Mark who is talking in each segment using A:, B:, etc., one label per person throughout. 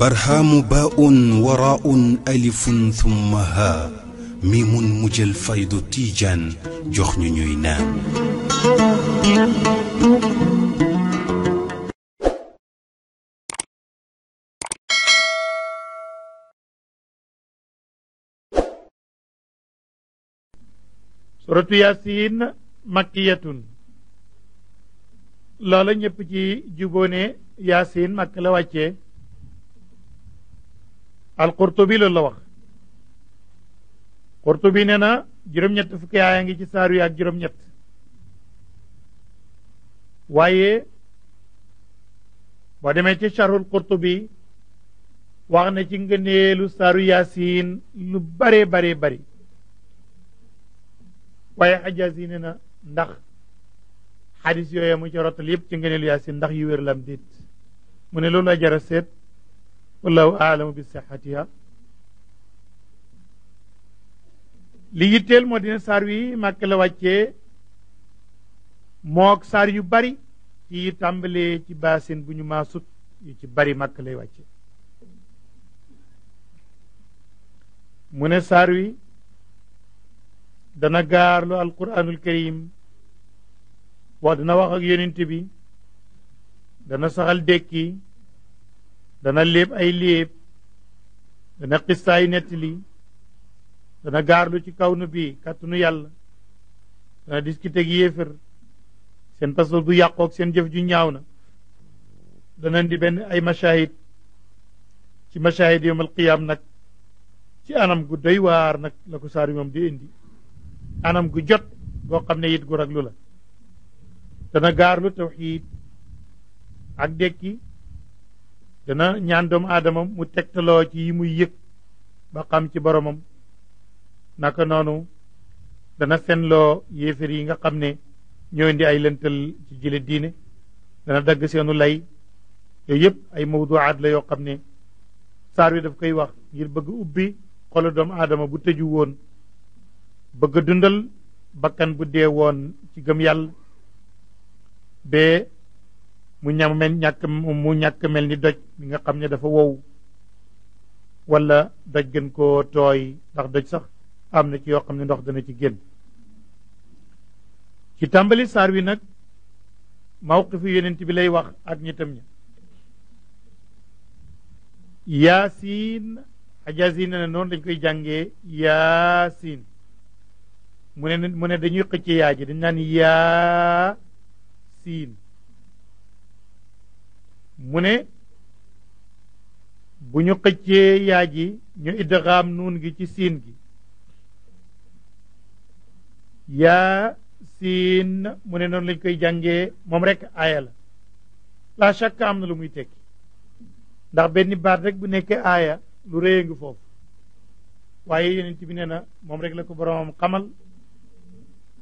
A: barhaamu baun waraun alifun thumma ha mi mun mujjal faydu tiijaan jox ñu ñuy naan suratu yasin makkiyatun loola ñëpp ci jubóone yasin makk la wàccee al-qurtubi loolu la wax qurtubi nee na juróom-ñett fukki aaya ngi ci saar yi ak juróom-ñett waaye boo ci qurtubi wax na ci ngëneelu saaru lu bare bare bari waaye xajaasi nee na ndax xadis yooya mu ci rottal yépp ci ngëneelu yaasiin ndax yu lam déet mu la jara wallahu aalamu bi sixatiha li yitteel moo dina saar wi màkk la wàccee mook saar yu bari ci tàmbalee ci baasin bu ñu maasut yu ci bari màkk lay wàccee mu ne saar wi dana gaarlu alquranul karim wax dana wax ak yonent bi dana saxal dékki dana léeb ay léeb dana xistaay nettali dana gaarlu ci kaw nu bii kàttanu yàlla dana discuter gi seen paspas bu yàqook seen jëf ju ñaaw na dana di benn ay mashahid ci mashahid yowm alqiyaam nag ci anam gu doy waar nag la ko saar moom di indi anam gu jot boo xam ne yit gu raglu la dana gaarlu tawxiid ak dekki dana ñaan doomu aadama mu tegtaloo ci yi muy yëg ba xam ci boroomam naka noonu dana fenloo yéefér yi nga xam ne ñoo indi ay lëntal ci jële diine dana dagg seenu lay yooyu yëpp ay mawduwaat la yoo xam ne saar wi daf koy wax ngir bëgg ubbi xolu doomu aadama bu tëju woon bëgg dundal bakkan bu dee woon ci gëm yàlla bee mu ñam mel ñak mu ñak mel ni doj nga xamne dafa wow wala doj gën ko toy ndax doj sax am ci yo xamne ndox dana ci gën ci tambali sar wi nak mawqifu yonent bi lay wax ak ñitam ñi yasin ajazina ne noonu dañ koy jangé yasin mu ne dañuy dañ nan yasin mu ne bu ñu xëccee yaa ji ñu idgaam nuun gi ci siin gi yaa siin mu ne noonu lañ koy jànge moom rek aaya la la shakk am na lu muy tekki ndax benn baat rek bu nekkee aaya lu rëy a ngi foofu waaye yonent bi nee na moom rek la ko boromam xamal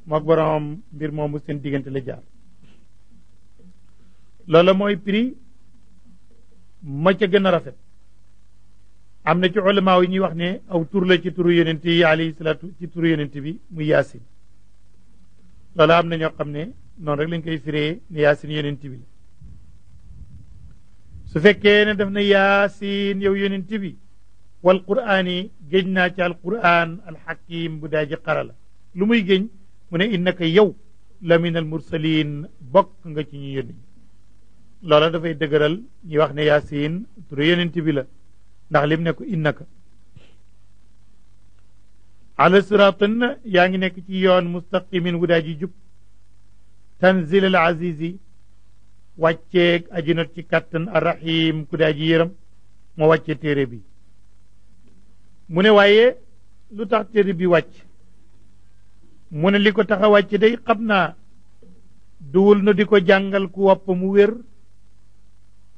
A: mook boromam mbir moomu seen diggante la jaar loola mooy prix ma ca gën a rafet am na ci ulama yi ñuy wax ne aw tur la ci turu yonent yi alayhi ci turu yonent bi mu yaasin loola am na ñoo xam ne noon rek lañ koy firee ne yaasin yonent bi la su fekkee ne daf na yaasin yow yonent bi wal quraan yi géñ naa ci al quraan al xakim bu daa ji la lu muy géñ mu ne innaka yow la min al mursalin bokk nga ci ñu yónni loola dafay dëgëral ñi wax ne yaasin turu yonent bi la ndax lim ne ko innaka ala siratin yaa ngi nekk ci yoon mustaqimin wu daa ji jub tanzil al azizi wàcceeg ajinot ci kàttan arrahim ku daa ji yëram moo wàcce téere bi mu ne waaye lu tax téere bi wàcc mu ne li ko tax a wàcc day xam naa duwul na di ko jàngal ku wopp mu wér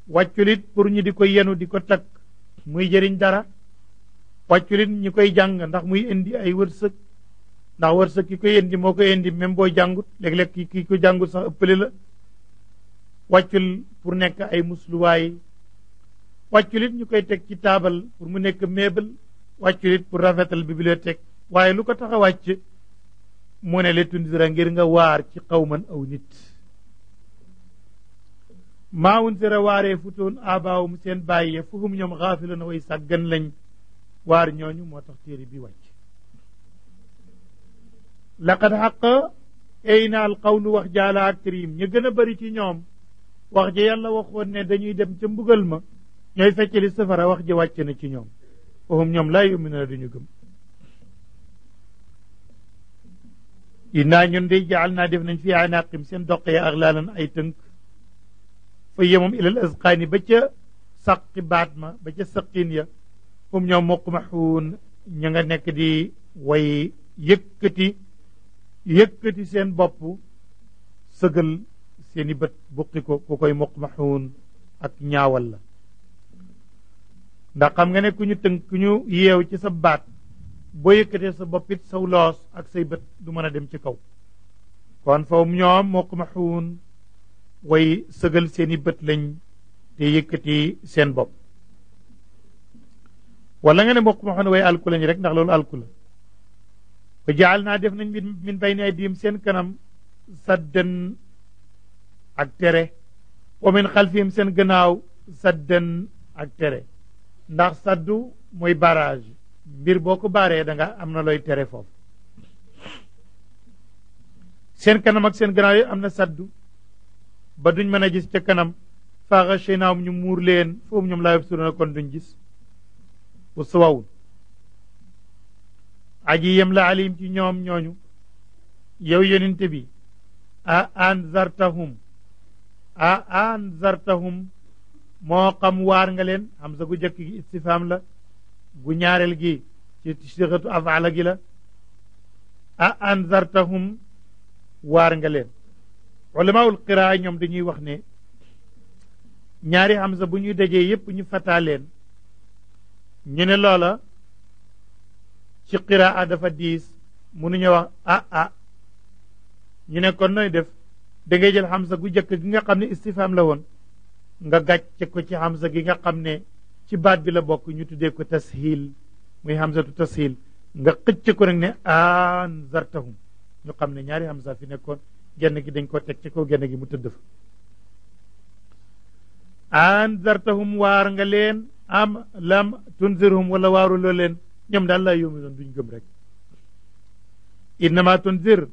A: wàcculit pour ñu di ko yenu di ko takk muy jëriñ dara wàcculit ñu koy jàng ndax muy indi ay wërsëg ndax wërsëg ki koy indi moo koy indi même boo jàngut léeg-léeg ki ko jàngut sax ëppale la wàccul pour nekk ay musluwaay wàcculit ñu koy teg ci taabal pour mu nekk meebal wàcculit pour rafetal bibliothèque waaye lu ko tax wàcc mu ne li rek ngir nga waar ci xawman aw nit maa wuntira waaree futoon abaawum seen bàyyi ya fuhum ñoom xaafilan way sàggan lañ waar ñooñu moo tax téere bi wàcc laqad xaq ay na al qawlu wax jaala ak trim ñu gën a bëri ci ñoom wax ji yàlla waxoon ne dañuy dem ca mbugal ma ñooy feccali safara wax ji wàcc na ci ñoom fahum ñoom laa yuminuna duñu gëm innaa ñun day jaal naa def nañ fi anaqim seen doq ya ak laalan ay tënk fa yemoom ilal asqaani ba ca saqi baat ma ba ca saqin ya hum ñoom muqmaxuun ña nga nekk di way yëkkati yëkkati seen bopp sëgal seeni bët buqi ko ku koy muqmaxuun ak ñaawal la ndax xam nga ne ku ñu tënk ku ñu yeew ci sa baat boo yëkkatee sa boppit saw loos ak say bët du mën a dem ci kaw kon fawum ñoom muqmaxuun way sëgal seeni bët lañ te yëkkati seen bopp wala nga ne mbokk moo xam ne way alku ñu rek ndax loolu alku la naa def nañ min bayni aydihim seen kanam saddan ak tere wa min xalfihim seen gannaaw saddan ak tere ndax saddu mooy barage mbir boo ko baaree danga am na looy tere foofu seen kanam ak seen gannaaw yi am na saddu ba duñ mën a gis ca kanam faaxa ñu muur leen foofu ñoom laa yubsiruuna kon duñ gis bu sawawul aji yem la alim ci ñoom ñooñu yow yonente bi a anzartahum a anzartahum moo xam waar nga leen hamza gu jëkk gi istifham la gu ñaareel gi ci sixatu afala gi la a anzartahum waar nga leen ulamaul qiraa ñoom dañuy wax ne ñaari hamza bu ñuy dajee yépp ñu fataa leen ñu ne loola ci qiraa dafa diis mënuñu wax ah ah ñu kon nooy def dangay ngay jël hamza gu jëkk gi nga xam ne istifham la woon nga gàcce ko ci hamza gi nga xam ne ci baat bi la bokk ñu tuddee ko tashil muy hamzatu tashil nga xëcc ko nag ne anzartahum ñu xam ne ñaari hamza fi nekkoon genn gi dañ ko teg ci kaw genn gi mu tëdd fa anzartahum waar nga leen am lam tunzirhum wala waaruloo leen ñoom daal laa yuminoon duñ gëm rek innama tunzir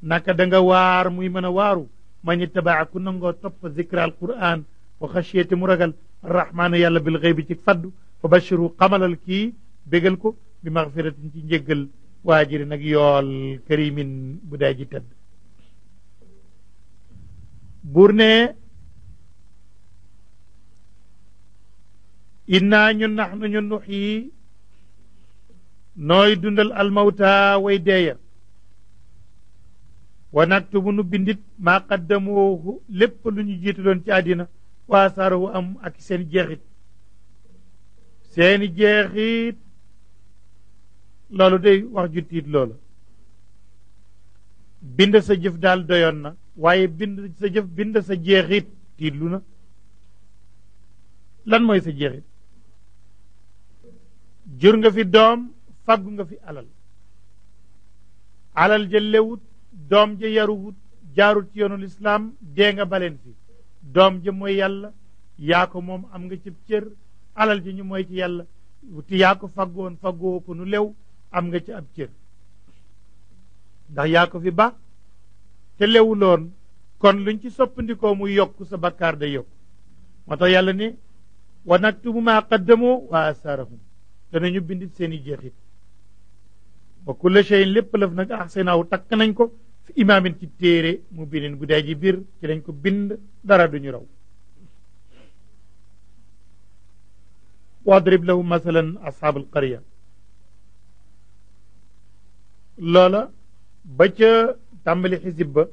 A: naka da nga waar muy mën a waaru ma ñi tabaa ku nangoo topp zikra al quran wa xashiyati mu ragal arrahmaana yàlla bil xaybi ci faddu fa bashiru xamalal kii bégal ko bi maxfiratin ci njéggal waajiri nag yool karimin bu day ji tedd buur ne innaa ñun nax nu ñun nux yi nooy dundal almawta way deeya wa naktubu nu bindit maa qaddamuhu lépp lu ñu jiitaloon ci àddina waa saarawu am ak seen jeexit seeni jeexit loolu day wax ju tiit loola bind sa jëf daal doyoon na waaye bind sa jëf bind sa jeexit tiitlu na lan mooy sa jeexit jur nga fi doom fàggu nga fi alal alal ja lewut doom ja yaruwut jaarut ci yoonu lislaam dee nga baleen fi doom ja mooy yàlla yaa ko moom am nga cib cër alal ji ñu mooy ci yàlla ti yaa ko faggoon faggoo ko nu lew am nga ci ab cër ndax yaa ko fi ba te lewuloon kon luñ ci soppandikoo muy yokk sa bakkaar day yokk moo tax yàlla ni wa naktubu maa qaddamu wa asaarahum danañu bindit seen jeexit wa kulla cheyin lépp lëf nag ahsanahu takk nañ ko fi imaamin ci téere mu binin bu dee ji biir ci lañ ko bind dara duñu raw wadrib lahum masalan ashaabal qarya loola ba tàmbali xisib ba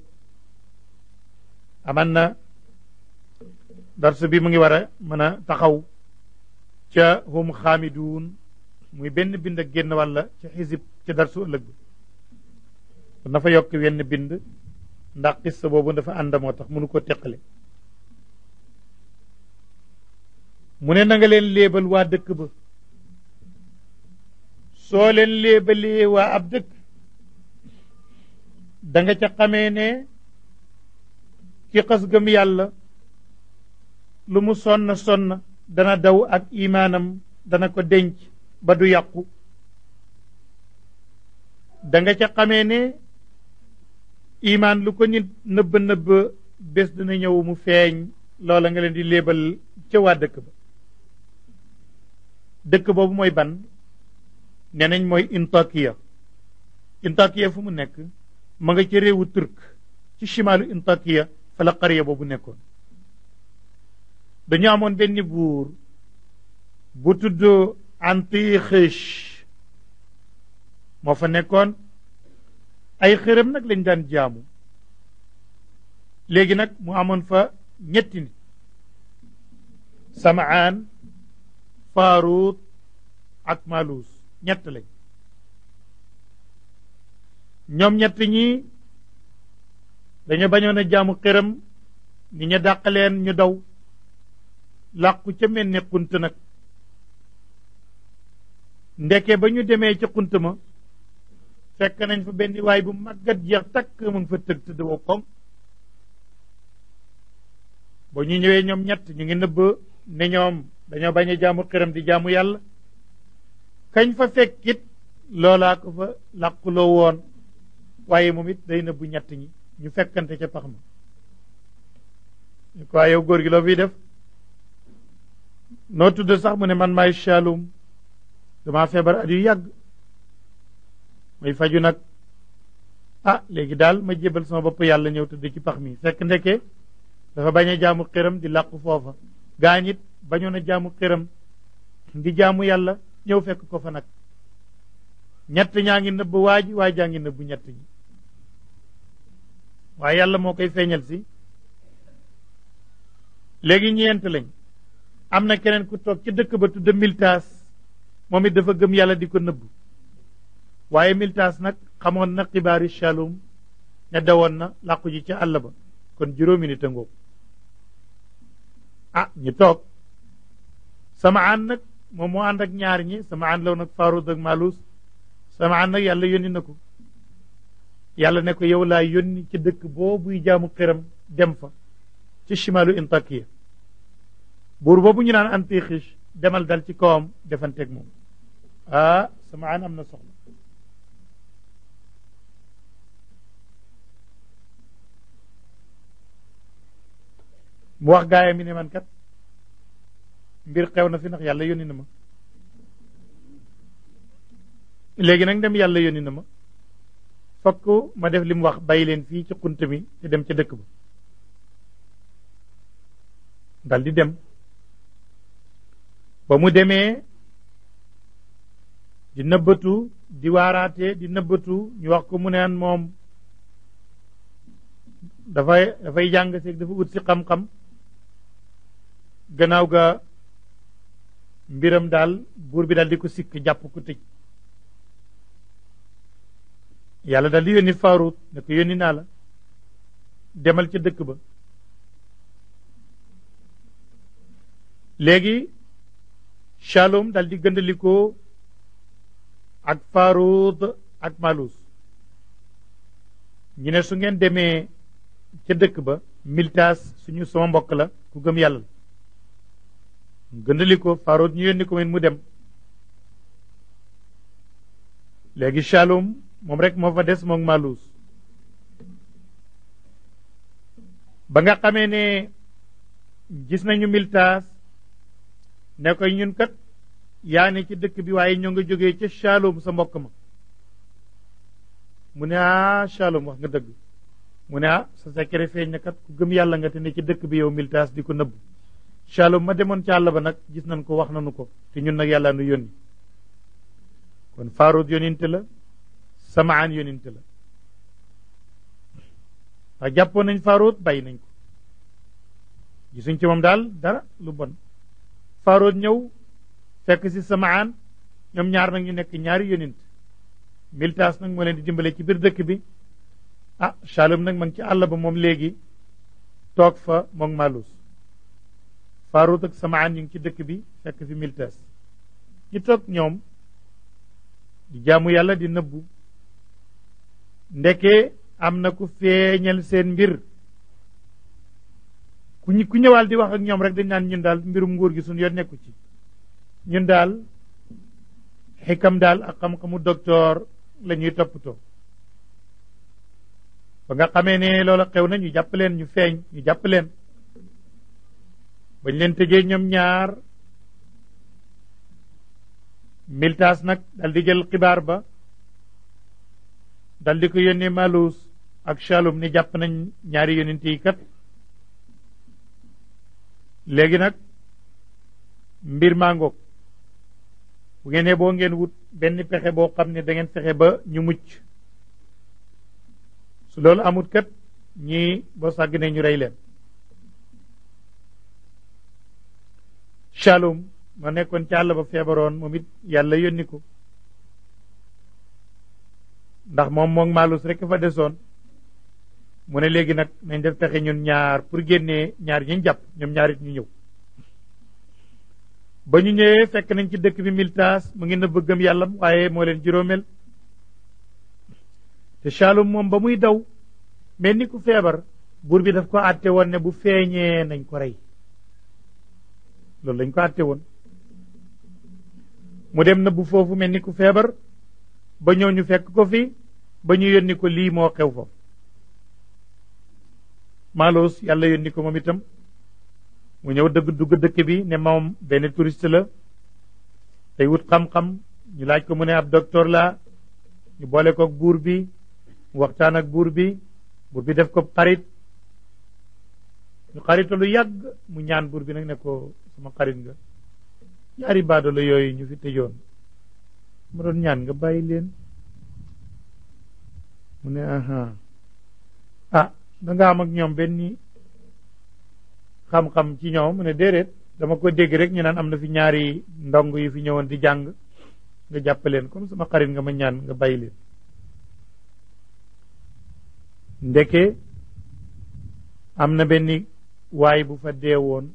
A: aman na darsu bi mu ngi war a mën a taxaw ca hum xaamiduun muy benn bind ak génn wàlla ca xisib ca darsu ëllëg ba dafa yokk wenn bind ndax xissa boobu dafa ànd moo tax mënu ko teqale mu ne na leen léebal waa dëkk ba soo leen léebalee waa ab dëkk danga ca xamee ne ki xas gëm yàlla lu mu sonn sonn dana daw ak imaanam dana ko denc ba du yàqu danga ca xamee ne imaan lu ko nit nëbb nëbb bés dana ñëw mu feeñ loola nga leen di léebal ca waa dëkk ba dëkk boobu mooy ban nee mooy intakiya intakiya fu mu nekk ma nga ci réewu turk ci chimaalu intakiya fa la xariya boobu nekkoon dañu amoon benn buur bu tudd antixis moo fa nekkoon ay xërëm nag lañ daan jaamu léegi nag mu amoon fa ñetti nit samaan faaruut ak maaluus ñett lañ ñoom ñett ñi dañu bañoon a jaamu xëram ni ñu dàq leen ñu daw làqu ca mel ne xunt nag ndeke ba ñu demee ca xunt ma fekk nañ fa benn waay bu màggat jeex takk mu ngi fa tëg tëdd wow koŋ ba ñu ñëwee ñoom ñett ñu ngi nëbb ne ñoom dañoo bañ a jaamu xëram di jaamu yàlla kañ fa fekkit loolaa ko fa làquloo woon waaye moom it day nëbbu ñett ñi ñu fekkante ca pax ma ñu ko yow góor gi loo fiy def noo tudd sax mu ne man maay Saalum damaa feebar at yu yàgg may faju nag ah léegi daal ma jébal sama bopp yàlla ñëw tudd ci pax mi fekk ndeke dafa bañ a jaamu xiram di làqu foofa gaañ it bañoon a jaamu xiram di jaamu yàlla ñëw fekk ko fa nag ñett ñaa ngi nëbb waa ji waa jaa ngi nëbb ñett ñi waaye yàlla moo koy feeñal si léegi ñeent lañ am na keneen ku toog ci dëkk ba tudd Miltaas moom it dafa gëm yàlla di ko nëbb waaye Miltaas nag xamoon na xibaari Shalum ne dawoon na làqu ji ca àll ba kon juróomi nit a ah ñu toog sama aan nag moom moo ànd ak ñaar ñi sama aan law nag Faaruud ak Maaluus sama aan nag yàlla yónni na ko yàlla ne ko yow laa yónni ci dëkk boobuy jaamu xiram dem fa ci chimalu intakiya buur boobu ñu naan antixis demal dal ci kawam defanteeg moom ah sama aan am na soxla mu wax gaaya mi ne man kat mbir xew na fi ndax yàlla yónni na ma léegi nag dem yàlla yónni na ma fokk ma def li wax bay leen fii ci xunt mi te dem ca dëkk ba dal di dem ba mu demee di nëbbatu di waaraate di nëbbatu ñu wax ko mu neen moom dafay dafay jàng seeg dafa ut si xam-xam gannaaw ga mbiram daal buur bi dal di ko sikk jàpp ko tëj yàlla daal di yónni Faaruut ne ko yónni naa la demal ca dëkk ba léegi Shalom daal di gëndalikoo ak Faaruut ak Malus ñu ne su ngeen demee ca dëkk ba Miltaas suñu sama mbokk la ku gëm yàlla la gëndalikoo Faaruut ñu yónni ko men mu dem léegi Shalom moom rek moo fa des moom Malus ba nga xamee ne gis nañu Miltaas ne koy ñun kat yaa ne ci dëkk bi waaye ñoo nga jógee ca Saalum sa mbokk ma mu ne ah Saalum wax nga dëgg mu ne ah sa secret feeñ na kat ku gëm yàlla nga te ne ci dëkk bi yow Miltaas di ko nëbb Saalum ma demoon ca àll ba nag gis nañ ko wax nañu ko te ñun nag yàlla nu yónni kon Faaruud yónninte la samaan yonent la ndax jàppoon nañ Faaroot bay nañ ko suñ ci moom daal dara lu bon Faaroot ñëw fekk si samaan ñoom ñaar nag ñu nekk ñaari yonent Miltaas nag moo leen di dimbale ci biir dëkk bi ah Saalum nag ma ci àll ba moom léegi toog fa moom Malus Faaroot ak samaan ñu ngi ci dëkk bi fekk fi Miltaas ñu toog ñoom di jaamu yàlla di nëbbu ndeke am na ku feeñal seen mbir ku ñu ku ñëwaal di wax ak ñoom rek dañ naan ñun daal mbirum nguur gi suñu yoon nekku ci ñun daal xikam daal ak xam-xamu docteur la ñuy toppatoo ba nga xamee ne loola xew na ñu jàpp leen ñu feeñ ñu jàpp leen bañ leen tëjee ñoom ñaar miltaas nag dal di jël xibaar ba dal di ko yónni Malus ak Shalum ni jàpp nañ ñaari yonent yi kat léegi nag mbir maa bu ngeen ne ngeen wut benn pexe boo xam ne dangeen fexe ba ñu mucc su loolu amut kat ñii boo sàgg ne ñu rey leen Shalum ma nekkoon ci àll ba feebaroon moom it yàlla yónni ko ndax moom moog maalus rek fa desoon mu ne léegi nag nañ def pexe ñun ñaar pour génnee ñaar ñi jàpp ñoom ñaar ñu ñëw ba ñu ñëwee fekk nañ ci dëkk bi Miltaas mu ngi nëbb gëm yàllam waaye moo leen juróomeel te Saalum moom ba muy daw mel ni ku feebar buur bi daf ko àtte woon ne bu feeñee nañ ko rey loolu dañ ko àtte woon mu dem na bu foofu mel ni ku feebar ba ñoo ñu fekk ko fi ba ñu yónni ko lii moo xew foofu maalos yàlla yónni ko moom itam mu ñëw dëgg dugg dëkk bi ne moom benn touriste la tey wut xam-xam ñu laaj ko mu ne ab docteur la ñu boole ko buur bi mu waxtaan ak buur bi buur bi def ko xarit ñu xarito lu yàgg mu ñaan buur bi nag ne ko sama xarit nga ñaari baado la yooyu ñu fi tëjoon ma doon ñaan nga bàyyi leen mu ne aha ah danga am ak ñoom benn xam-xam ci ñoom mu ne déedéet dama ko dégg rek ñu naan am na fi ñaari ndong yi fi ñëwoon di jàng nga leen comme sama xarit nga ma ñaan nga bàyyi leen ndeke am na benn waay bu fa dee woon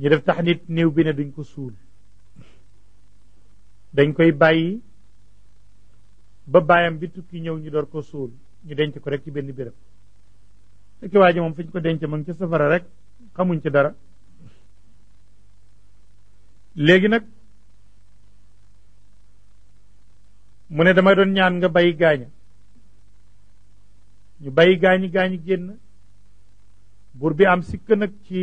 A: ñu def tax nit néew bi ne duñ ko suul dañ koy bàyyi ba baayam bi tukki ñëw ñu door ko suul ñu denc ko rek ci benn béréb fekki waa moom fi ñu ko denc ma ngi ci safara rek xamuñ ca dara léegi nag mu ne dama doon ñaan nga bàyyi gaaña ñu bàyyi gaañi gaañi génn buur bi am sikk nag ci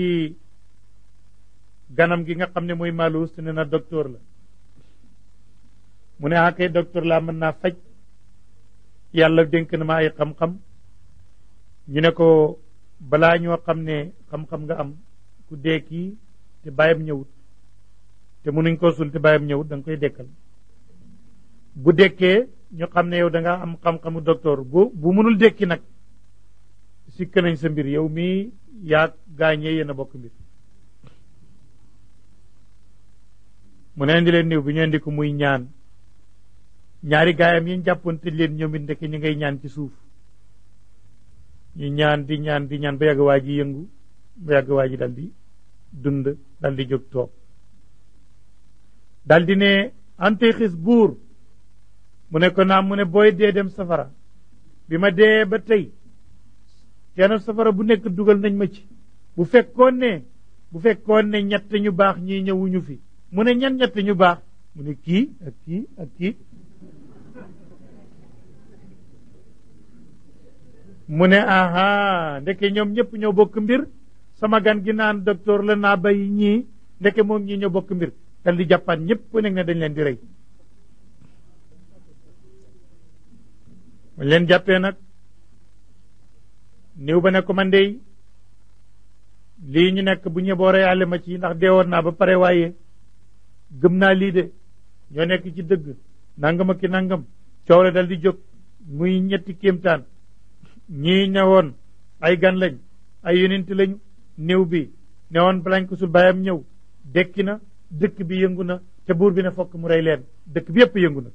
A: ganam gi nga xam ne mooy Maalus ne na docteur la mu ne ah kay laa mën naa faj yàlla dénk na ma ay xam-xam ñu ne ko balaa ñoo xam ne xam-xam nga am ku dee kii te bàyyam ñëwut te mënuñ koo suul te bàyyam ñëwut danga koy dekkal bu dekkee ñu xam ne yow da am xam-xamu docteur bu bu mënul dekki nag sikk nañ sa mbir yow mii yaa gaañee yéen a bokk mbir mu ne indi leen néew bi ñu indi ko muy ñaan ñaari gaayam yi ñu te leen ñoom it ndekk ñu ngay ñaan ci suuf ñu ñaan di ñaan di ñaan ba yàgg waa ji yëngu ba yàgg waa ji dal di dund dal di jóg toog daldi di ne antexis buur mu ne ko naam mu ne booy dee dem safara bi ma dee ba tey teena safara bu nekk dugal nañ ma ci bu fekkoon ne bu fekkoon ne ñett ñu baax ñii ñëwuñu fi mu ne ñan ñett ñu baax mu ne kii ak kii ak kii mu ne aha ndeke ñoom ñëpp ñoo bokk mbir sama gan gi naan docteur la naa bay ñii ndeke moom ñii ñoo bokk mbir dal di jàppaan ñëpp ku nekk ne dañ leen di rey leen jàppee nag néew ba ne ko man dey lii ñu nekk bu ñëboo reyaale ma ci ndax deewoon naa ba pare waaye gëm naa lii de ñoo nekk ci dëgg nangam ak ki nangam coow la dal di jóg muy ñetti kéemtaan ñii ñëwoon ay gan lañ ay yonent lañ néew bi newoon balañ ko su baayam ñëw dekki na dëkk bi yëngu na te buur bi ne fokk mu rey leen dëkk bi yépp yëngu na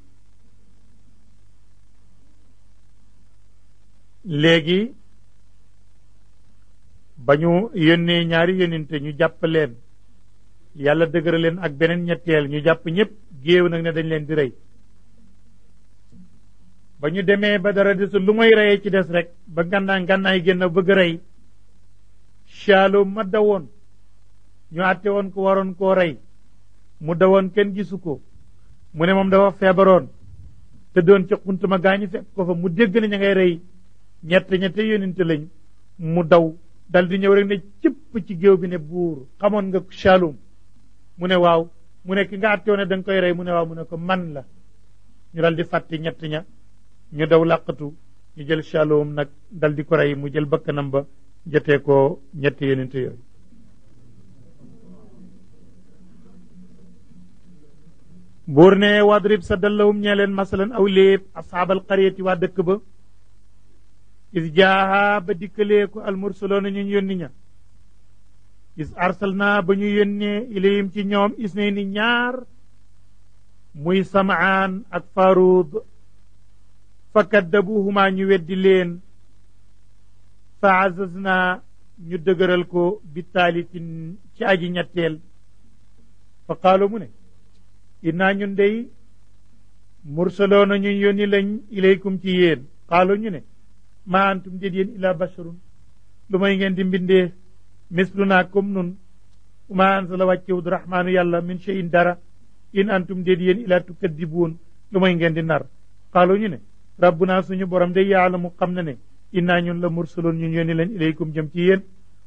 A: léegi ba ñu yónnee ñaari yónninte ñu jàpp leen yàlla dëgëra leen ak beneen ñetteel ñu jàpp ñëpp géew nag ne dañ leen di rey ba ñu demee ba dara desul lu may reyee ci des rek ba ngannaa ngànnaay génn bëgg rey Saalum ma dawoon ñu àtte woon ko waroon koo rey mu dawoon kenn gisu ko mu ne moom dafa feebaroon te doon ca xuntuma gaañu fekk ko fa mu dégg ne ña ngay rey ñett ñette yonente lañ mu daw dal di ñëw rek ne cëpp ci géew bi ne buur xamoon nga Saalum mu ne waaw mu ne ki nga àtte woon ne koy rey mu ne waaw mu ne ko man la ñu dal di fàtte ñett ña ñu daw làqatu ñu jël shalom nak dal di ko ray mu jël bakkanam ba jotté ko ñett yonente yooyu burne wadrib sa dallawum masalan aw ashab al qaryati wa dëkk ba is jaaha ba dikkele ko almursaloona ñu yónni ña is arsalna ba ñu yónnee ilayhim ci ñoom is ni ñaar muy samaan ak farud fa kaddabuhuma ñu weddi leen fa azazna ñu dëgëral ko bi taalitin ci aji fa qaalo mu ne innaa ñun dey mursaloona ñu yónni lañ ilaykum ci yéen qaalo ñu ne maa antum déet yéen ilaa basharun lu may ngeen di mbindee mislunaa comme nun maa ansala wàccewut rahmaanu yàlla min cheyin dara in antum déet yéen ilaa tukaddibuun lu may ngeen di nar qaalo ñu ne rabbuna suñu borom day yaalamu xam na ne innaa ñun la mursalun ñun yónni leen ilaykum jëm ci yéen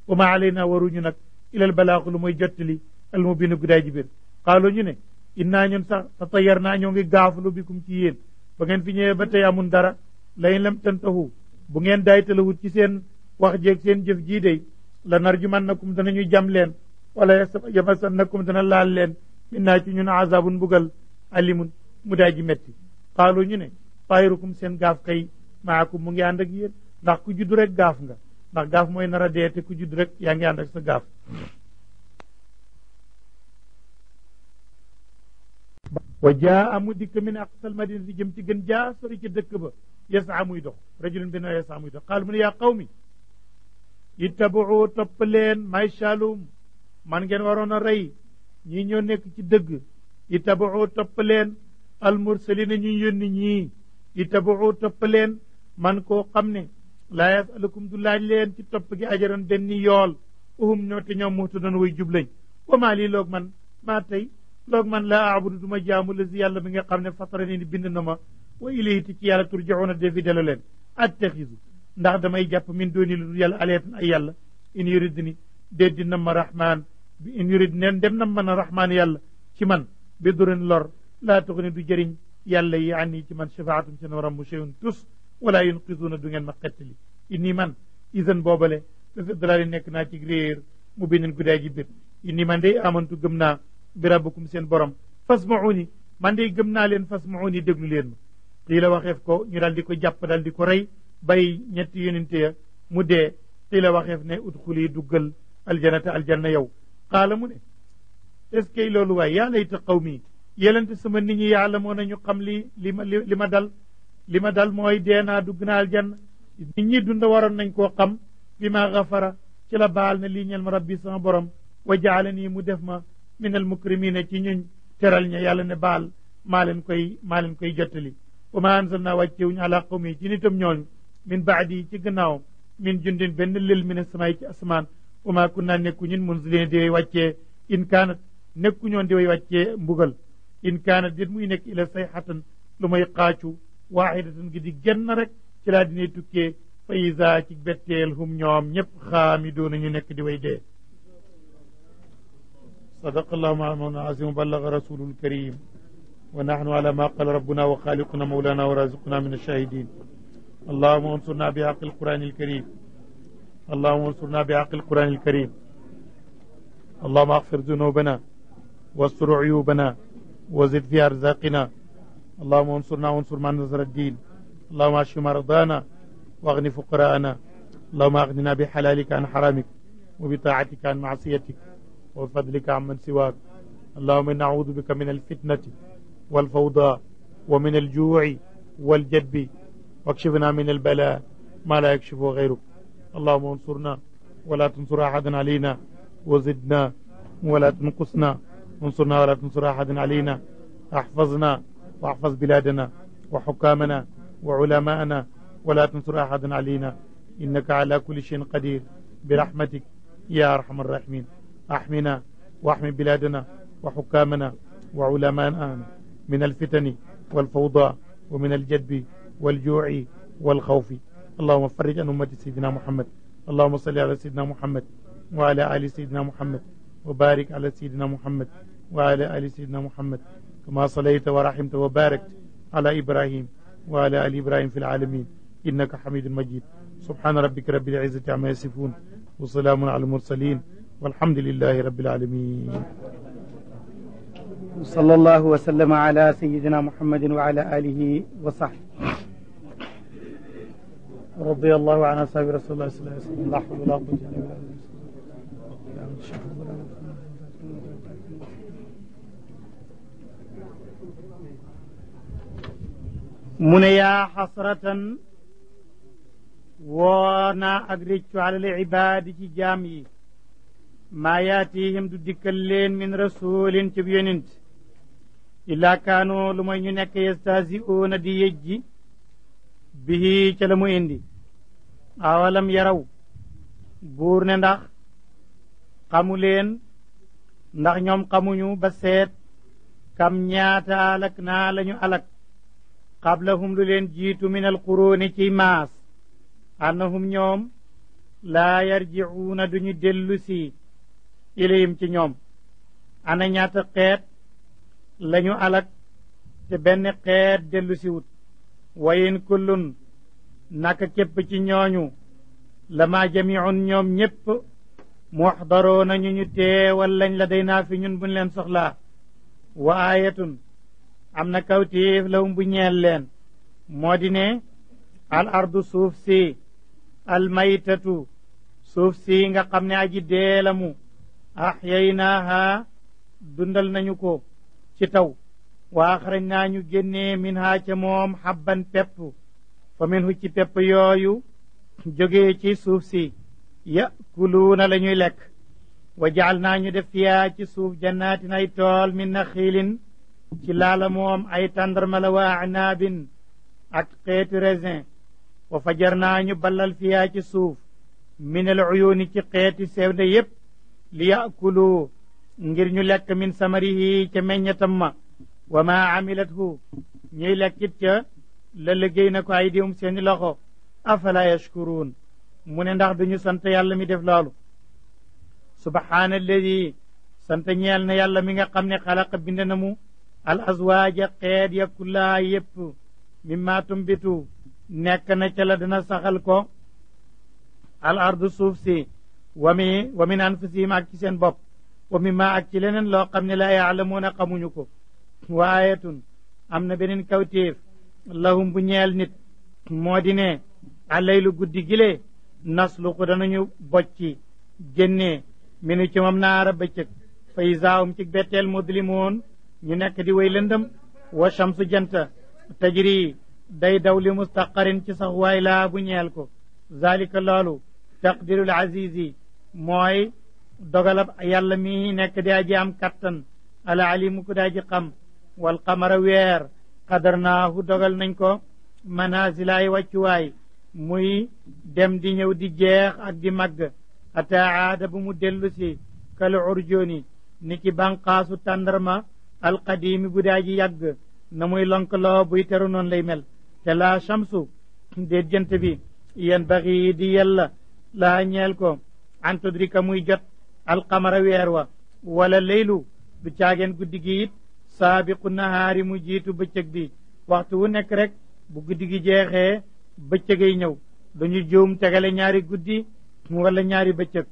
A: wa ma alayna waruñu nag ilal balaaxu lu mooy jottali al mu binu gudaay ji biir xaaloo ñu ne innaa ñun sax tatayar naa ñoo ngi gaaflu bikum ci yéen ba ngeen fi ñëwee ba tey amun dara la layin lam tantahu bu ngeen day daytalawut ci seen wax jeeg seen jëf jii day la narjumannakum danañu jam leen wala yamasannakum dana laal leen min naa ci ñun azabun bugal alimun mu daay ji metti xaaloo ñu ne tayrukum sen gaf kay maakum mu ngi and ak yeen ndax ku judd rek gaf nga ndax gaf moy nara deete ku judd rek ya ngi and ak sa gaf wa jaa amu dik min aqsal madina si jëm ci gën jaa sori ci dëkk ba yasa muy dox rajulun bi na yasa muy dox qaal mu ne yaa qawmi ittabuu topp leen may shalum man ngeen warona a ñi ñoo nekk ci dëgg ittabuu topp leen almursalina ñu yónni ñi ittabuxu topp leen man koo xam ne laa yasalukum du laaj leen ci topp gi ajaran benn yool uhum ñoo te ñoom muxtu doon way jublañ wa maa lii loog man maa tey loog man laa abudu du ma jaamu la si yàlla mi nga xam ne fatara ni bind na ma wa ilayhi ti ci yàlla turjaxuuna defi delo leen attaxisu ndax damay jàpp min dooni lu yàlla aleetan ay yàlla in yurid ni déddi na ma rahmaan bi in yurid neen dem na ma na rahmaan yàlla ci man bi durin lor laa tax ne du jëriñ يلا يعني كمان شفاعتهم كنا ورا مشيون تس ولا ينقذون الدنيا ما قتلي إني من إذن بابله بفضل إنك ناتي غير مبين إن قدي إني من دي آمن تجمنا برابكم سين برام فاسمعوني من دي جمنا لين فاسمعوني دغلو لين قيل وخفكو نرال ديكو جاب دال ديكو ري باي نيتي يونتي مودي قيل وخف ني ادخلي الجنه الجنه يو قال من اسكي لولو ليت قومي yelente sama ni ñi yàlla moo nañu xam li li ma li ma dal li ma dal mooy deenaa dugg naa aljanna nit ñi dunda waroon nañ koo xam bi ma xafara ci la baal na lii ñel ma rabbi sama borom wa jaale nii mu def ma minal mukrimina ci ñuñ teral ña yàlla ne baal maa leen koy maa leen koy jottali naa ma anzalna wàccewuñu ala qawmi ci nitam ñooñu min baadi ci gannaaw min jundin benn lil min asamaay ci asamaan wa ma kunna nekku ñun munzilin di way wàccee in kaanat di way wàccee in kaana déet muy nekk ila sayxatan lu may xaacu waaxidatan gi di genn rek ci laa dine tukkee fa isa ci betteel hum ñoom ñëpp xaami doon صدق الله مولانا العظيم وبلغ رسول الكريم ونحن على ما قال ربنا وخالقنا مولانا ورازقنا من الشاهدين اللهم انصرنا بحق القرآن الكريم اللهم انصرنا بحق القرآن الكريم اللهم اغفر ذنوبنا واستر عيوبنا وزد في أرزاقنا اللهم انصرنا وانصر من نصر الدين اللهم اشف مرضانا واغن فقراءنا اللهم اغننا بحلالك عن حرامك وبطاعتك عن معصيتك وبفضلك من سواك اللهم انا نعوذ بك من الفتنة والفوضى ومن الجوع والجب واكشفنا من البلاء ما لا يكشفه غيرك اللهم انصرنا ولا تنصر أحدا علينا وزدنا ولا تنقصنا انصرنا ولا تنصر أحدا علينا احفظنا واحفظ بلادنا وحكامنا وعلماءنا ولا تنصر أحدا علينا إنك على كل شيء قدير برحمتك يا أرحم الراحمين أحمنا واحمي بلادنا وحكامنا وعلماءنا من الفتن والفوضى ومن الجدب والجوع والخوف اللهم فرج عن أمة سيدنا محمد اللهم صل على سيدنا محمد وعلى آل سيدنا محمد وبارك على سيدنا محمد وعلى آل سيدنا محمد كما صليت ورحمت وباركت على إبراهيم وعلى آل إبراهيم في العالمين إنك حميد مجيد سبحان ربك رب العزة عما يصفون وسلام على المرسلين والحمد لله رب العالمين صلى الله وسلم على سيدنا محمد وعلى آله وصحبه رضي الله عن أصحاب رسول الله صلى الله عليه وسلم لا حول ولا قوة إلا بالله mu ne yaa xasratan woo naa ak alal ibaadi ci jaam yi maa yaatihim du dikkal leen min rasulin ci yonent illaa kaanoo lu ñu nekk yastahziuuna di yejji bihi ca indi awalam yaraw buur ndax xamuleen ndax ñoom xamuñu ba seet kam ñaata alak naa lañu alak qablahum lu leen jiitu min alquruuni ci maas annahum ñoom laa yarjicuuna duñu dellu si ci ñoom ana ñaata xeet lañu alak te benn xeet dellu si wut wayin kullun naka képp ci ñooñu lama jamiun ñoom ñépp muxdaroo nañu ñu teewal lañ la day naa ñun buñ leen soxla wa aayatun am na kawtiif lawum bu ñeel leen moo di ne al ardu suuf si al maytatu suuf si nga xam ne aji deelamu axyaynaaha dundal nañu ko ci taw wa axrañ naa ñu génnee min haa ca moom xabban pepp fa min hu ci pepp yooyu jógee ci suuf si ياكلون لنيو لك وجعلنا نيو دفيا تي سوف جناتنا اي تول من نخيل تي لالا موم اي تندر ملوا عناب اك قيت رزين وفجرنا نيو بلل فيا تي سوف من العيون تي قيت سيفد ييب لياكلوا ngir ñu lekk min samarihi ca meññatam ma wa ma amilathu ñuy lekkit ca la liggéey na ko ay mu ne ndax duñu sant yàlla mi def loolu subhaanalladi sant ñeel na yàlla mi nga xam ne xalaqa bind na mu al azwaaja xeet ya kullaa yépp mimma tumbitu nekk na ca la dina saxal ko al ardu suuf si wa mi wa min anfusihim ak ci seen bopp wa ma ak ci leneen loo xam ne la yaalamuuna xamuñu ko waayatun am na beneen kawtéef lahum bu ñeel nit moo di ne alaylu guddi gile nasluqu danañu bocci génnee minu ci moom naara bëccëg fa isaahum ci betteel mudlimoon ñu nekk di way lëndëm wa shamsu janta tajri day daw li mustaqarin ci sax waay laa bu ñeel ko zalika loolu taqdirul azizi mooy dogalab yàlla mi nekk di aji am kattan al alimu ku di aji xam wal qamara weer qadarnaahu dogal nañ ko manazilaayi wàccuwaay muy dem di ñëw di jeex ak di màgg ata aada bu mu dellusi si kal urjooni ni ki bànqaasu tàndarma alqadiimi bu daa yàgg na muy lonkaloo buy teru noonu lay mel te laa chamsu déet jant bi yan baxi di yàlla laa ñeel ko an tudrika muy jot alqamara weer wa wala leylu du caageen guddi gi it saabiqu nahaari mu jiitu bëccëg bi waxtu wu nekk rek bu guddi gi jeexee bëccëgay ñëw dañu juum tegale ñaari guddi mu wala ñaari bëccëg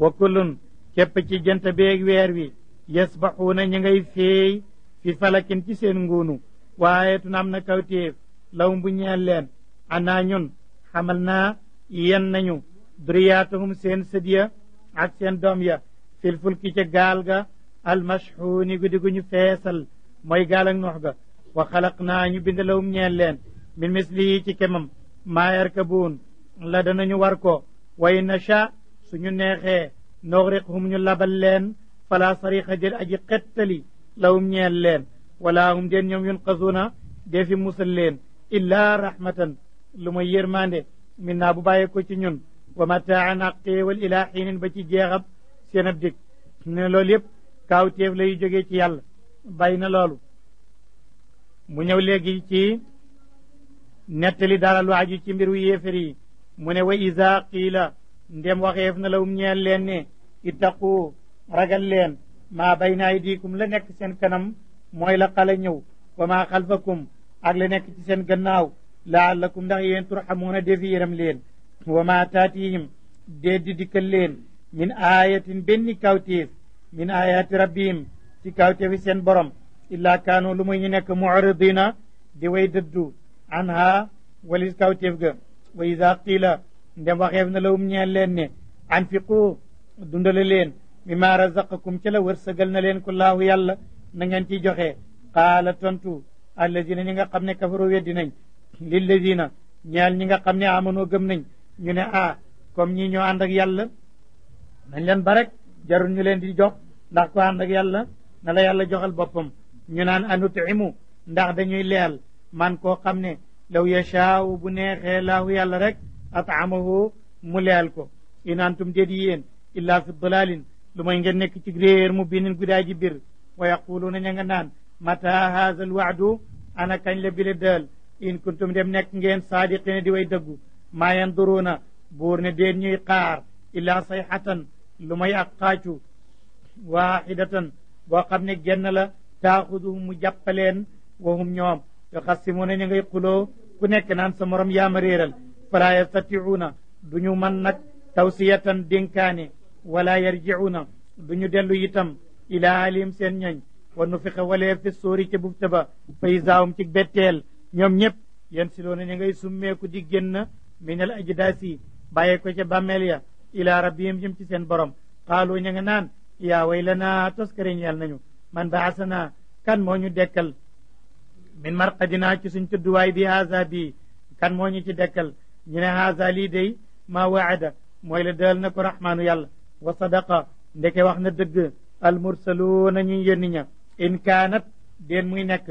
A: wa kullun képp ci jant beeg weer wi yasbaxuuna ñi ngay feey fi falakin ci seen nguunu waaye tun am na kawtéef law bu leen anaa ñun xamal naa yen nañu duriyaatahum seen sët ak seen doom ya fil ca gaal ga almashxuuni guddi gu ñu feesal mooy gaal ak noox ga wa xalaq naa ñu bind lawum ñeel leen bi misli ci kemam maa yarkabuun la danañu war ko way nasha suñu neexee noxriqhum ñu labal leen fala sarixa jël aji xettali lawum ñeel leen wala hum den ñoom yunqasuuna defi musal leen illaa rahmatan lu may yërmande min naa bu bàyyi ko ci ñun wa mataan ak xéewal ilaa xiinin ba ci jeexab seen ab dig ne loolu yëpp kaawteef lay jógee ci yàlla bàyyi na loolu mu ñëw léegi ci nettali dara lu aju ci mbiru yéefér yi mu ne wa isa qiila ndem waxeef na lawum ñeel leen ne ittaqu ragal leen maa bayna aydikum la nekk seen kanam mooy la xala ñëw wa maa xalfakum ak la nekk ci seen gannaaw laallakum ndax yéen turxamuuna defi yéram leen wa maa taatihim déeddi dikkal leen min aayatin benn kawtéef min aayaati rabbihim ci kawtéefi seen borom illaa kaanu lu muy ñu nekk muridina di way dëddu anha walis kawteef ga wa ida qiila ndem waxeef na la lawum ñeel leen ne anfiqu dundale leen mimma razaqakum ca la wërsëgal na leen ku laahu yàlla na ngeen ciy joxe qaala tontu allazina ñi nga xam ne kafaru weddi nañ lillazina ñeel ñi nga xam ne amanoo gëm nañ ñu ne a comme ñi ñoo ànd yàlla nañ leen ba rek ñu leen di jox ndax ko yàlla na la yàlla joxal boppam ñu naan anutimu ndax dañuy leel man koo xam ne law yashaaw bu neexee laahu yàlla rek ataamahu mu leel ko in antum déet yéen illaa fi dalalin lu may ngeen nekk ci réer mu binin gudaa ji bir wa yaquluuna ña nga naan mata haza alwaadu ana kañ la bile dël in kuntum dem nekk ngeen saadiqina di way dëggu maa yanduruuna buur ne déet ñuy xaar illaa sayxatan lu may ak xaacu waaxidatan boo xam ne genn la taaxuduhum mu jàppaleen wahum ñoom yuxassimuuna ñu ngay xuloo ku nekk naan sa morom yaa ma réeral na yastatiuuna duñu man nag tawsiyatan dénkaane wala yarjiuuna ñu dellu itam ilaa alim seen ñooñ wa nufixa waleer fi sóori ca bufta ba fa isaawum ci betteel ñoom ñëpp yan siloona ñu ngay summeeku di génn minal ajdaasi bàyyee ko ca bàmmeel ya ilaa rabbihim jëm ci seen borom xaaloo ña nga naan yaa way lanaa toskariñ yàl nañu man baasana kan moo ñu dekkal min marqadina ci suñ tëdduwaay bi haza bii kan moo ñu ci dekkal ñu ne haza lii ma waa waada mooy la dal na ko rahmaanu yàlla wa sadaqa ndeke wax na dëgg al mursaluuna ñuy yónni ña in kaanat deen muy nekk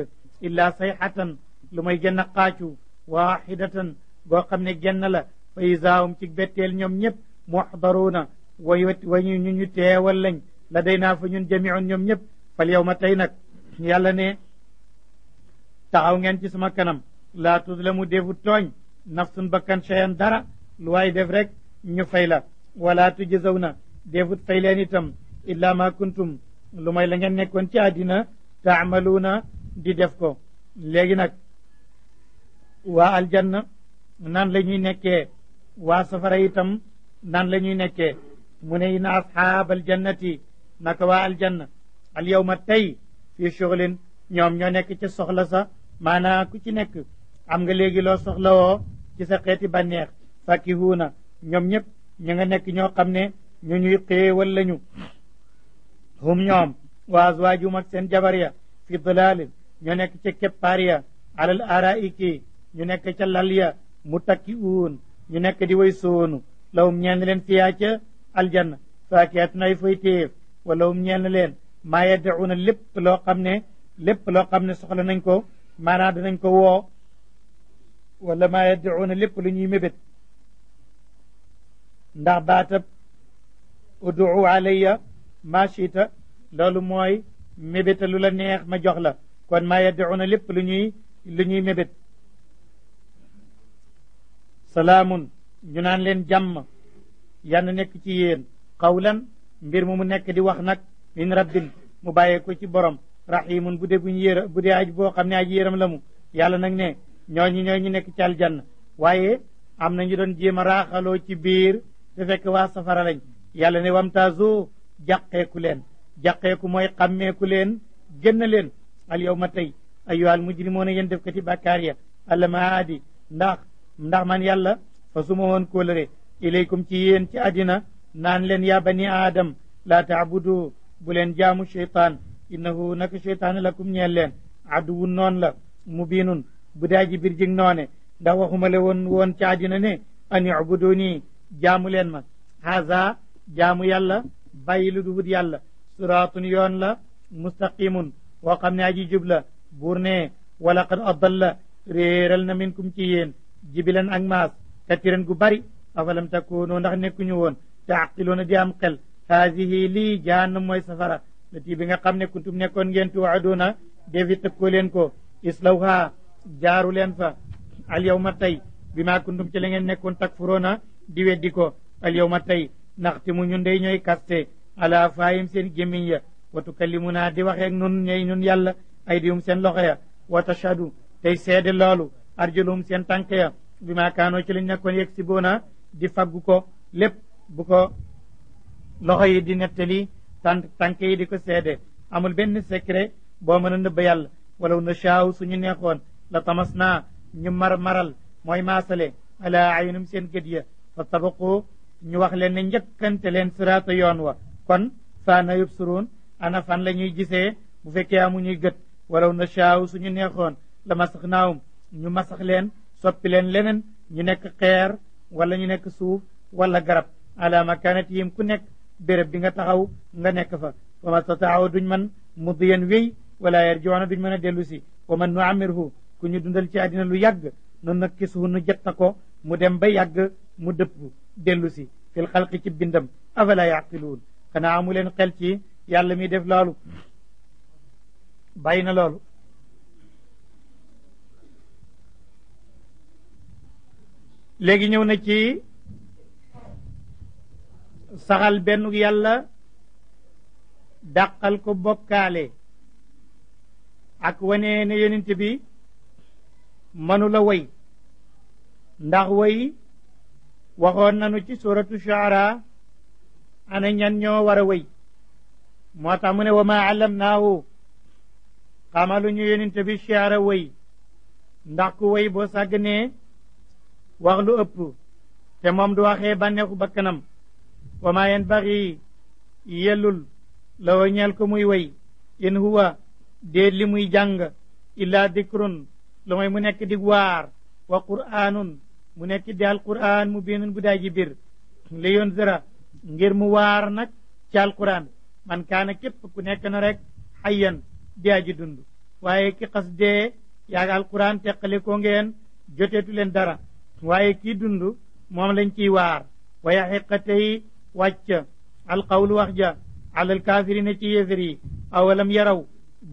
A: illaa sayxatan lu may genn xaacu waaxidatan goo xam ne genn la fa isaawum ci betteel ñoom ñëpp muxdaruuna way wañu ñu ñu teewal lañ la day naa fa ñun jamiun ñoom ñëpp fal yow ma tey nag yàlla ne taxaw ngeen ci sama kanam laa tuzlamu defu tooñ nafsun bakkan cheyan dara lu waay def rek ñu fay la wala tujzaw na defut fay leen itam illa ma kuntum lu may la nekkoon ci àddina na di def ko léegi nag waa aljanna nan la ñuy nekkee waa safara itam nan la ñuy nekkee mu ne ina asxaab aljannati naka waa aljanna al yowma tey fii shuglin ñoom ñoo nekk ci soxla sa maanaa ku ci nekk am nga léegi loo soxlawoo ci sa xeeti bànneex fàkkihuuna ñoom ñëpp ñu nga nekk ñoo xam ne ñu ñuy xéewal lañu hum ñoom wa azwaajum ak seen jabar ya fi dalaalin ñu nekk ca keppaar ya alal araiki ñu nekk ca lal ya mutakkiuun ñu nekk di way soonu lawum ñeen leen fiyaa ca aljanna faakiyatun ay fay téef walawum ñeen leen maa yaddauna lépp loo xam ne lépp loo xam ne soxla nañ ko maanaam dinañ ko woo wala maa yaddicuuna lépp lu ñuy mébét ndax baatab uduu alayya maa chita loolu mooy mébéta lu la neex ma jox la kon maa yaddicuuna lépp lu ñuy ñuy mébét salaamun ñu naan leen jàmm yann nekk ci yéen qawlan mbir mu mu nekk di wax nag min rabbin mu bàyyee ko ci borom rahimun bu dee buñ bu dee aj boo xam ne aji yéeram la mu yàlla nag ne ñooñu ñooñu nekk ci aljanna waaye am na ñu doon jéem a raaxaloo ci biir te fekk waa safara lañ yàlla ne wamtaazu jàqeeku leen jàqeeku mooy xàmmeeku leen génn leen al yow ma tey ayyuhal na yéen def kati bàkkaar ya allama aadi ndax ndax man yàlla fa suma woon kóolëre ilaykum ci yéen ci àddina naan leen yaa bani aadam laa taabudu bu leen jaamu cheytaan innahu naka cheytaani lakum ñeel leen aduwun noon la mubinun bu daa ji bir jig noone ndax waxumale woon woon ci àddina ne an ibuduni jaamu leen ma haza jaamu yàlla bàyyi lu duwut yàlla siraatun yoon la mustaqimun woo xam ne aji jub la buur ne walaqad adalla réeral na minkum ci yéen jibilan ak maas katiran gu bari afalam takunoo ndax nekkuñu woon taaqiloona di am xel haadihi lii jahannam mooy safara lati bi nga xam ne kuntum nekkoon ngeen tuwaaduna defi tëkkoo leen ko islawha jaaru leen fa al yawma tey bi maa kuntum ci la ngeen nekkoon takfuroona di weddi ko al yawma tey ndaxte mu ñun day ñooy kaste ala faayim seen gémmiñ ya wa tukallimunaa di waxeek nun ñooy ñun yàlla aydihum seen loxo ya wa tashhadu tey seede loolu arjuluhum seen tànk ya bi maa kaanoo ci lañ nekkoon yegg si boona di faggu ko lépp bu ko loxo yi di nettali tànk tànk yi di ko seede amul benn secret boo mën a nëbb yàlla walaw na su ñu neexoon la tamas naa ñu mar maral mooy maasale ala aynum seen gët ya fa tabaqu ñu wax leen ne njëkkante leen siraata yoon wa kon faana yubsuruun ana fan la ñuy gisee bu fekkee amu ñuy gët walaw na shaaw suñu neexoon la masax ñu masax leen soppi leen leneen ñu nekk xeer walla ñu nekk suuf wala garab ala makanatihim ku nekk béréb bi nga taxaw nga nekk fa wa ma stataaw duñ man mudiyan wéy wala yarjiuna duñ mën a dellu si wa man nu amirhu ku ñu dundal ci addina lu yàgg nu nakkisuhu nu jot ko mu dem ba yàgg mu dëpp dellu si fil xalqi ci bindam afala yaqiluun xanaa amu leen xel ci yàlla mi def loolu bàyyi na loolu léegi ñëw na ci saxal benn yàlla daqal ko bokkaale ak wane ne yonent bi mënula woy ndax woy waxoon nanu ci suratu shuara ana ñan ñoo war woy moo tax mu ne wa ma allamnaahu xamalu ñu yonent bi shuara woy ndax ku woy boo sàgg ne wax lu ëpp te moom du waxee bànneexu bakkanam wa maa yanbagi yellul la ñeel ko muy way in huwa déet li muy jàng illaa dikrun lu mooy mu nekk di waar wa qur'aanun mu nekk di alqur'aan mu biinun bu daaji bir li yoon ngir mu waar nag ci alqur'aan man kaana képp ku nekk na rek xayyan di aji dund waaye ki xas dee yaag alqur'aan teqale ko ngeen joteetu leen dara waaye kii dund moom lañ ciy waar wa yaxiqatay wàcca alqawlu wax ja alal kaafirina ci yéefér yi awalam yaraw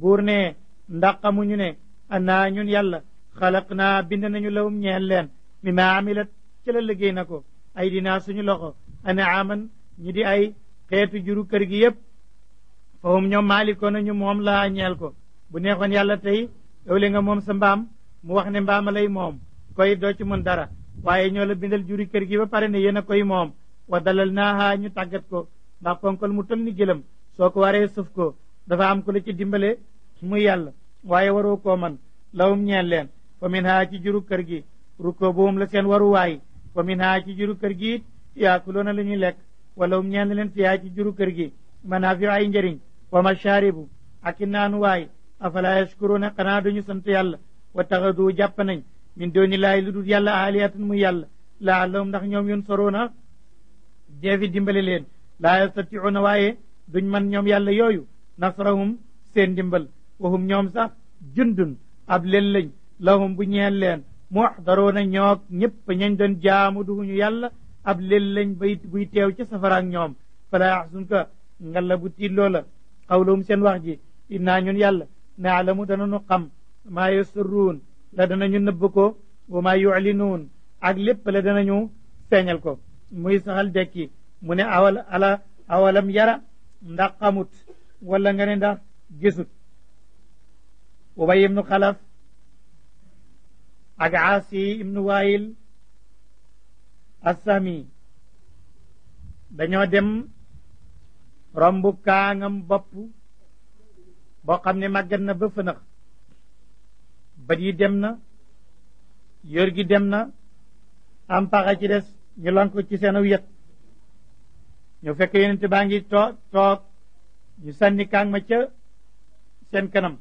A: buur ne ndax xamuñu ne annaa ñun yàlla xalaq naa bind nañu lawum ñeel leen mi ma amila ci la liggéey na ko ay dinaa suñu loxo anaaman ñu di ay xeetu juru kër gi yépp fahum ñoom maalikoo ñu moom laa ñeel ko bu neexoon yàlla tey ewle nga moom sa mbaam mu wax ne mbaama lay moom koy doo ci mën dara waaye ñoo la bindal juri kër gi ba pare na yéen a koy moom wa dalal naaha ñu tàggat ko ndax ponkal mu tol ni gëlëm soo ko waree sëf ko dafa am ko la ci dimbale muy yàlla waaye waroo ko man lawum ñeel leen fa min haa ci juru kër gi rukkoo booum la seen waruwaay fa min haa ci juru kër gi yaakuloona la ñuy lekk wala um ñeel leen fiyaa ci juru kër gi manaafiu ay njariñ wa mashaaribu ak i naanuwaay afala yashkuruuna xanaa duñu sant yàlla wa taxadu jàpp nañ min dooni laay lu dul yàlla aaliyatan muy yàlla ndax ñoom yun soroona ದೇವಿ ದಿಂಬಲಿಲೇನ್ ಲಾಯಸತ್ಯೋ ನವಾಯೆ ದುನ್ಮನ್ಯೋಮ್ ያለየዩ ነስረሁም ሴን ድንበል ወሁም ኞምሳ ጅንዱን አብሌለኝ ለሁም ቡኝ ያለን ሙሕደሮነኝ ኞክ ኝፕኘኝ ደንጃሙድ ሁኙ ያለ አብሌለኝ ቡይቴውጭ ሰፈራኛውም ፈላ ያሕሱንከ እንገለቡት ይሎለ ቀውለውም ሴን ዋህጂ ይናኙን ያለ ናዕለሙ ደነኑ ቀም ማየስሩን ለደነኙ ንብኮ ወማ ዩዕሊኑን አግሊፕ ለደነኙ ሰኛልኮ muy saxal dekki mu ne awal ala awalam yara ndax xamut wala nga ne ndax gisut ubay ibnu xalaf ak aasi ibnu waayil assami dañoo dem romb kaangam bopp boo xam ne màggat na ba fënax bët yi dem na yor gi dem na am paxa ci des ñu lonk ko ci seen aw yët ñu fekk yonent baa ngi toog toog ñu sànni kaang ma ca seen kanam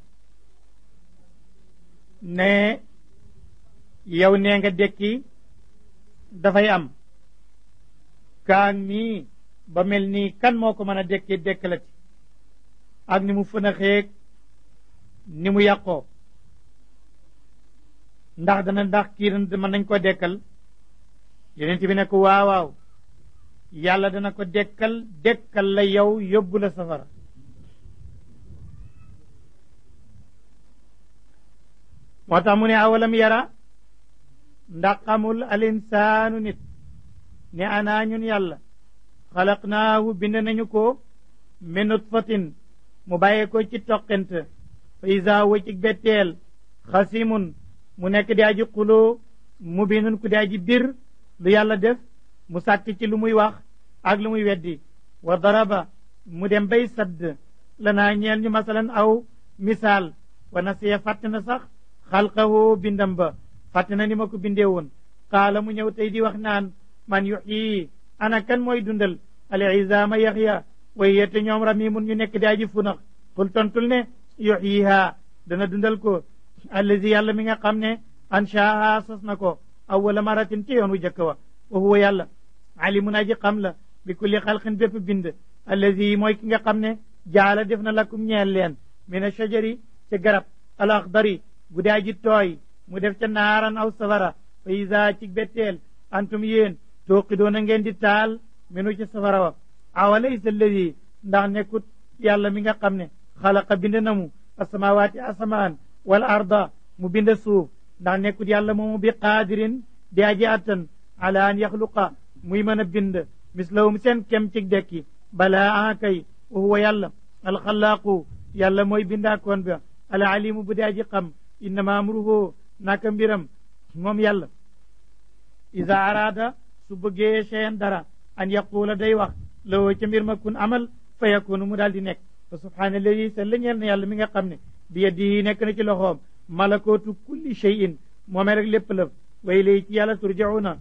A: ne yow nee nga dekki dafay am kaang mii ba mel ni kan moo ko mën a dekki dekkalati ak ni mu fënaxeeg ni mu yàqoo ndax dana ndax kii mën nañ koo dekkal yonent bi ne ko waaw waaw yàlla dana ko dekkal dekkal la yow yóbbu safara moo tax mu ne awalam yara ndax xamul al insaanu nit ne anaa ñun yàlla xalaqnaahu bind nañu ko min nutfatin mu bàyyee ci toqent fa isa ci betteel xasimun mu nekk di aji xuloo mubinun ku di aji bir lu yàlla def mu sàkk ci lu muy wax ak lu muy weddi wa daraba mu dem bay sadd lanaa ñeel ñu masalan aw misaal wa nasiya fàtte na sax xalqahu bindam ba fàtte na ni ma ko bindee woon qaala mu ñëw tey di wax naan man yuxyi ana kan mooy dundal al izama yaxya way yette ñoom ramimun ñu nekk daaji funax xul tontul ne yuxyiha dana dundal ko allazi yàlla mi nga xam ne anshaaha sos na ko أول مرة تيونو جكوا وهو يلا علمنا جي قملا بكل خلق بيب بند الذي موي كيغا خامني جعل دفنا لكم ñeel leen من الشجر ci garab al akhdari guda ji tooy mu def ca naaran aw safara fa isa ci betteel antum yéen tooqidoona ngeen di taal minu ci safara wa awalaysa alladi ndax nekkut yàlla mi nga xam ne xalaqa bind na mu asamawaati asamaan wal arda mu bind suuf ndax nekkut yàlla moomu bi qaadirin di aji attan ala an yaxluqa muy mën a bind mislahum seen kem cig dekki bala akay huwa yàlla alxalaaqu yàlla mooy bindaakoon ba alalimu bu di aji xam innama amruhu naka mbiram moom yàlla ida araada su bëggee seen dara an yaquula day wax lawo ca mbir ma kun amal fa yakunu mu daal di nekk fa subhaana alladi sa la ñeel na yàlla mi nga xam ne bi yeddi nekk na ci loxoom malakootu kulli shay'in moomee rek lépp lëf way lay ci yàlla turjauna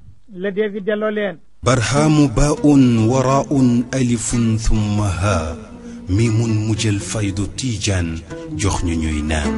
A: la dee fi delloo leen barhaamu baaun waraaun alifun thumma haa miimun mujjal faydu tiijaan jox ñu ñuy naan